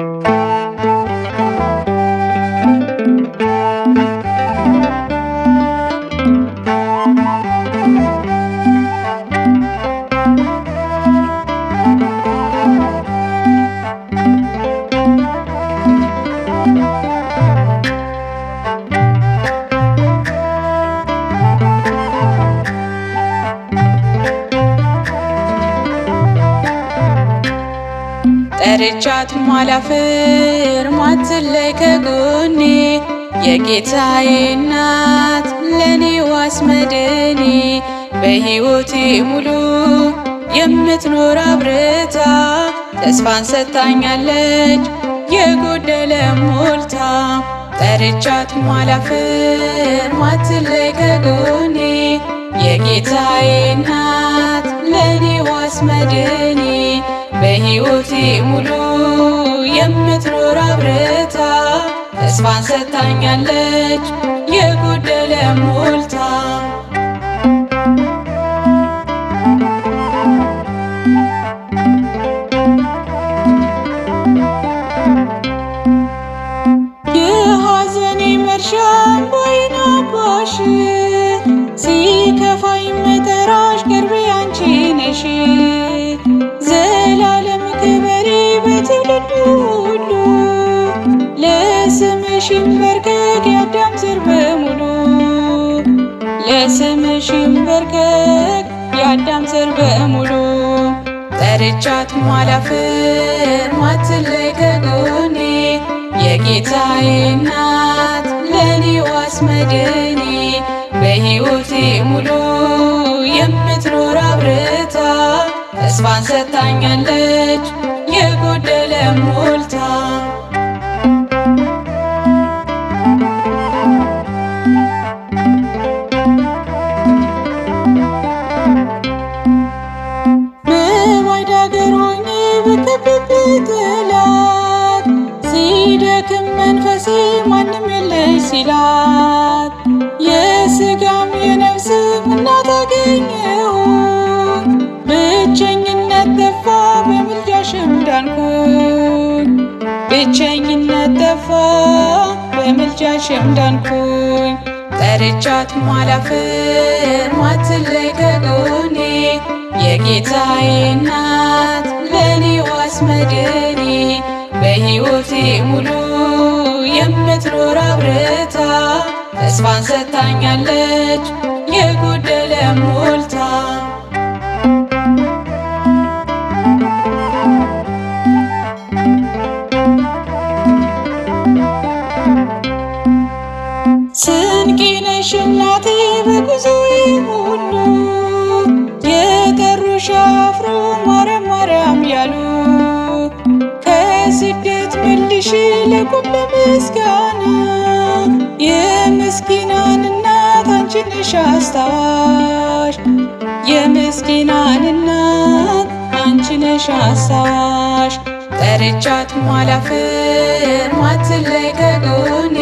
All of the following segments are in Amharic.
Thank you. ያለቻት ማላፍር ማትለይ ከጎኔ የጌታዬ እናት ለኔ ዋስ መድኔ በሕይወቴ ሙሉ የምትኖር አብርታ ተስፋን ሰታኛለች የጎደለ ሞልታ ጠርቻት ማላፍር ማትለይ ከጎኔ የጌታዬ እናት ለኔ ዋስ በሕይወቴ ሙሉ የምትኖር አብረታ ተስፋን ሰታኛለች የጎደለ ሞልታ ለስምሽም በርከክ የአዳም ዘር በሙሉ ለስምሽም በርከክ የአዳም ዘር በሙሉ ጠርቻት ሟላፍር ማትለይ ከጎኔ የጌታዬ እናት ለኔ ዋስ መድኔ በሕይወቴ ሙሉ የምትኖር አብርታ ተስፋን ሰታኛለች የጎደለ ሞላ ይላል የስጋም የነፍስም እናት አገኘሁት። ብቸኝነት ጠፋ በምልጃሽ ዳንኩኝ። ብቸኝነት ጠፋ በምልጃሽ ዳንኩኝ። ጠርቻት ማላፍር ማትለይ ከጎኔ የጌታዬ እናት ለኔ ዋስ መድኔ በሕይወቴ ሙሉ የምትኖር አብርታ ተስፋን ሰታኛለች የጎደለ ሞልታ ስንቄ ነሽ እናቴ በጉዞዬ ሁሉ ወልድሽ ልቁም በምስጋና የምስኪናን እናት አንችንሽ አስታዋሽ የምስኪናን እናት አንችንሽ አስታዋሽ ጠርቻት ሟላፍር ማትለይ ከጎኔ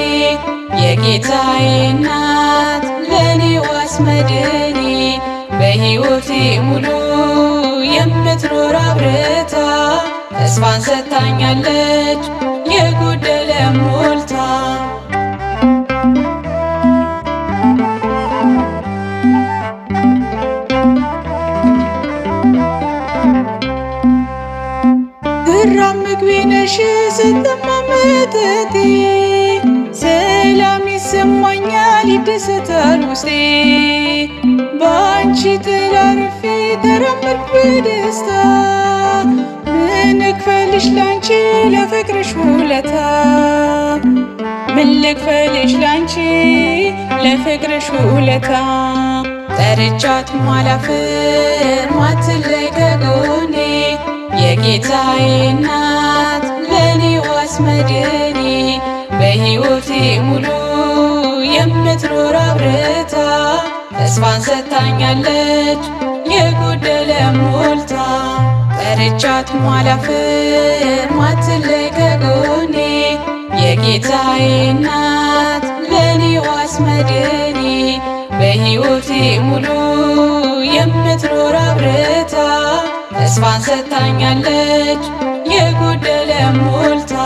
የጌታዬ እናት ለእኔ ዋስ መድኔ በሕይወቴ ሙሉ የምትኖር አብረታ ተስፋን ሰታኛለች የጎደለ ሞልታ ግራም ምግቤ ነሽ ስትማመጠቴ ሰላም ይሰማኛል ይደሰታል ውስጤ በአንቺ ተላርፌ ተራመድኩ በደስታ ልክፈልሽ ላንቺ ለፍቅርሽ ውለታ ምን ልክፈልሽ ላንቺ ለፍቅርሽ ውለታ ጠርቻት ማላፍር ማትለይ ከጎኔ የጌታዬ እናት ለኔ ዋስ በሕይወቴ ሙሉ የምትኖር አብረታ ተስፋን ሰታኛለች የጎደለ ሞልታ ፈርቻት ማላፍር ማትለይ ከጎኔ የጌታዬ እናት ለኔ ዋስ መድኔ በሕይወቴ ሙሉ የምትኖር አብረታ ተስፋን ሰጥታኛለች የጎደለ ሞልታ